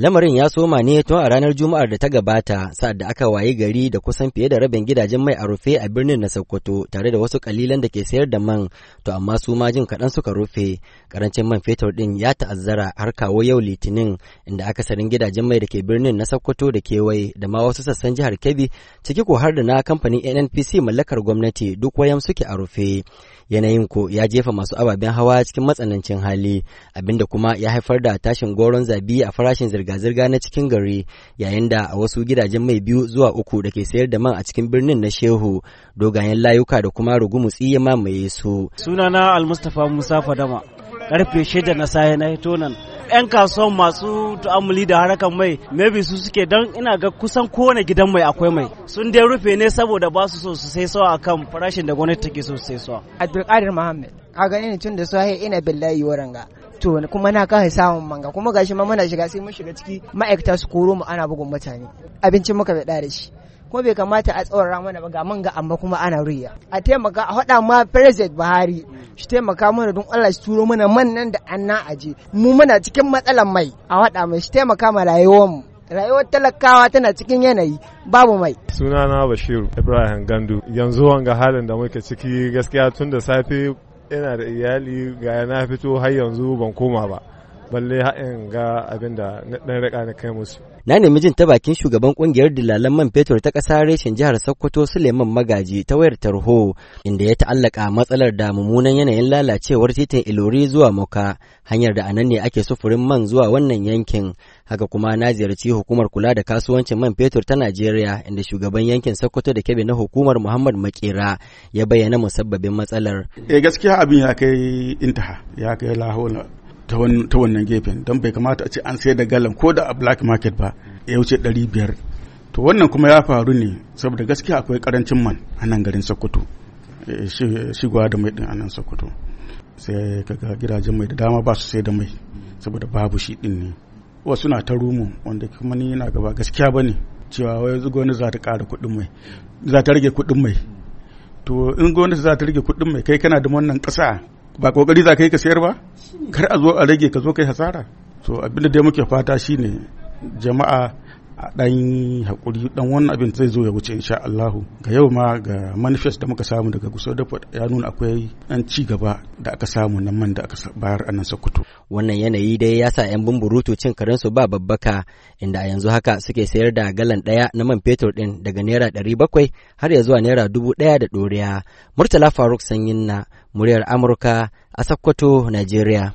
Lamarin ya soma ne tun a ranar Juma'ar da ta gabata sa'ad da aka wayi gari da kusan fiye da rabin gidajen mai a rufe a birnin na Sokoto tare da wasu kalilan da ke sayar da man to amma su ma jin kaɗan suka rufe. Karancin man fetur ɗin ya ta'azzara har kawo yau Litinin inda aka sanin gidajen mai da ke birnin na Sokoto da kewaye da ma wasu sassan jihar Kebbi ciki ko har da na kamfanin NNPC mallakar gwamnati duk wayan suke a rufe. yanayin ko ya jefa masu ababen hawa cikin matsanancin hali abinda kuma ya haifar da tashin goron zabi a farashin zirga-zirga na cikin gari yayin da a wasu gidajen mai biyu zuwa uku da ke sayar da man a cikin birnin na shehu dogayen layuka da kuma rugumutsi ya mamaye su sunana almustapha musa fadama karfe shida na safe na hito nan 'yan kasuwan masu tu'amuli da harakan mai maybe su suke don ina ga kusan kowane gidan mai akwai mai sun dai rufe ne saboda ba su so su sai sawa akan farashin da gwamnati take so su sai sawa abdulkadir muhammad a gani tun da su sahi ina billahi waranga to kuma na kai samun manga kuma gashi ma muna shiga sai mun shiga ciki ma'aikata su koro mu ana bugun mutane abinci muka bai da shi ko bai kamata a tsawon mana ba ga man amma kuma ana riya a taimaka a haɗa ma president Buhari shi taimaka mana don Allah shi turo mana mannan da an na aje mu muna cikin matsalan mai a haɗa mai shi taimaka ma rayuwar rayuwar talakawa tana cikin yanayi babu mai Suna na bashiru Ibrahim Gandu yanzu wanga halin da muke ciki gaskiya tun da safe ina da iyali ga na fito har yanzu ban koma ba balle haɗin ga abin da ɗan riƙa na kai musu. Na nemi jin ta bakin shugaban ƙungiyar dilalan man fetur ta ƙasa reshen jihar Sokoto Suleiman Magaji ta wayar tarho inda ya ta'allaka matsalar da mummunan yanayin lalacewar titin Ilori zuwa Moka hanyar da anan ne ake sufurin man zuwa wannan yankin. Haka kuma na ziyarci hukumar kula da kasuwancin man fetur ta Najeriya inda shugaban yankin Sokoto da Kebbi na hukumar Muhammad Makera ya bayyana musabbabin matsalar. Eh gaskiya abin ya kai intaha ya kai lahola ta wannan gefen don bai kamata a ce an sayar da galan ko da a black market ba ya wuce 500 to wannan kuma ya faru ne saboda gaskiya akwai karancin man a nan garin sokoto eh, shigowa da mai din a nan sokoto sai kaga gidajen mai da dama ba su sai da mai saboda babu shi din ne wasu na ta rumu wanda kuma ni na gaba gaskiya ba ne cewa wai yanzu gwamnati za ta ƙara kuɗin mai za ta rage kuɗin mai to in gwamnati za ta rage kuɗin mai kai kana da wannan ƙasa ba kokari za ka yi ka sayar ba kar a zo a rage ka zo kai hasara to abin da muke fata shine jama'a a ɗan haƙuri ɗan wannan abin zai zo ya wuce insha Allahu ga yau ma ga manifest da muka samu daga Gusau Depot ya nuna akwai ɗan ci gaba da aka samu nan man da aka bayar a nan Sokoto wannan yanayi dai ya sa 'yan bumburutu cin karensu ba babbaka inda a yanzu haka suke sayar da galan ɗaya na man fetur ɗin daga naira ɗari bakwai har ya zuwa naira dubu ɗaya da ɗoriya murtala faruk sanyin na muryar amurka a sokoto najeriya